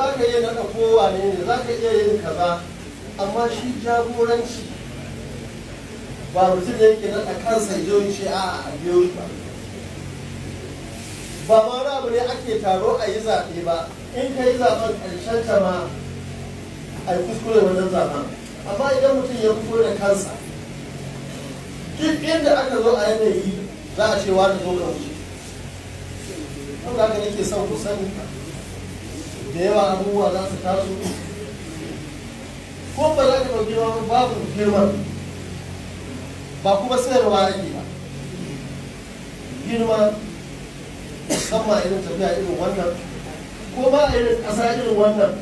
za ka iya naɗa kowa ne ne za ka iya yin kaza amma shi jagoranci ba mutum ne yake naɗa kansa ya yi ce a a biyo ba ba ma wani abu ne ake taro a yi zaɓe ba in ka yi zaɓen ƙarshen ta ma a yi kuskure wajen zaɓen amma idan mutum ya kuskure da kansa duk inda aka zo a yanayi za a ce wani zo ka wuce. nake son ku sani da yawa abubuwa za su taso ko ba za ka ɗauki ba babu girman ba kuma sayarwa ake ba girma musamman irin tafiya irin wannan ko ba a irin ƙasa irin wannan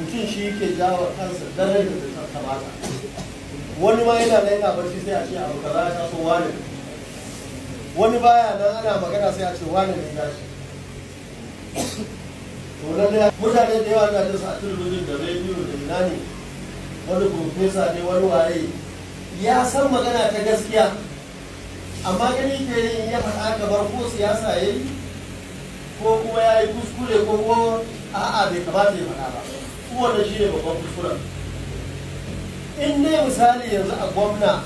mutum shi yake jawo kansa darajar da ta kamata wani ma yana nan yana barci sai a ce abu kaza ya so wani wani baya nan ana magana sai a ce wani ne ya shi to mutane da yawa na su a talabijin da rediyo da ina ne wani profesa ne wani waye ya san magana ta gaskiya amma gani ke yin ya faɗa kamar ko siyasa ya yi ko kuma ya yi kuskure ko kuma a'a bai kamata ya faɗa ba kuma wannan shi ne babban kuskuren in ne misali yanzu a gwamna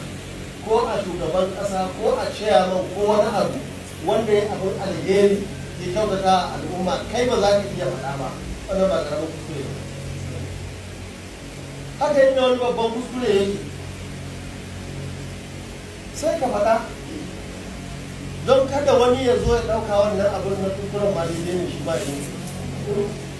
ko a shugaban ƙasa ko a chairman ko wani abu wanda ya abin alheri ya kyautata al'umma kai ba za ka iya faɗa ba wannan ba ƙaramin kuskure ba haka yin wani babban kuskure yake sai don kada wani ya zo ya ɗauka wannan abin na kuskuren ma da ne shi ba ne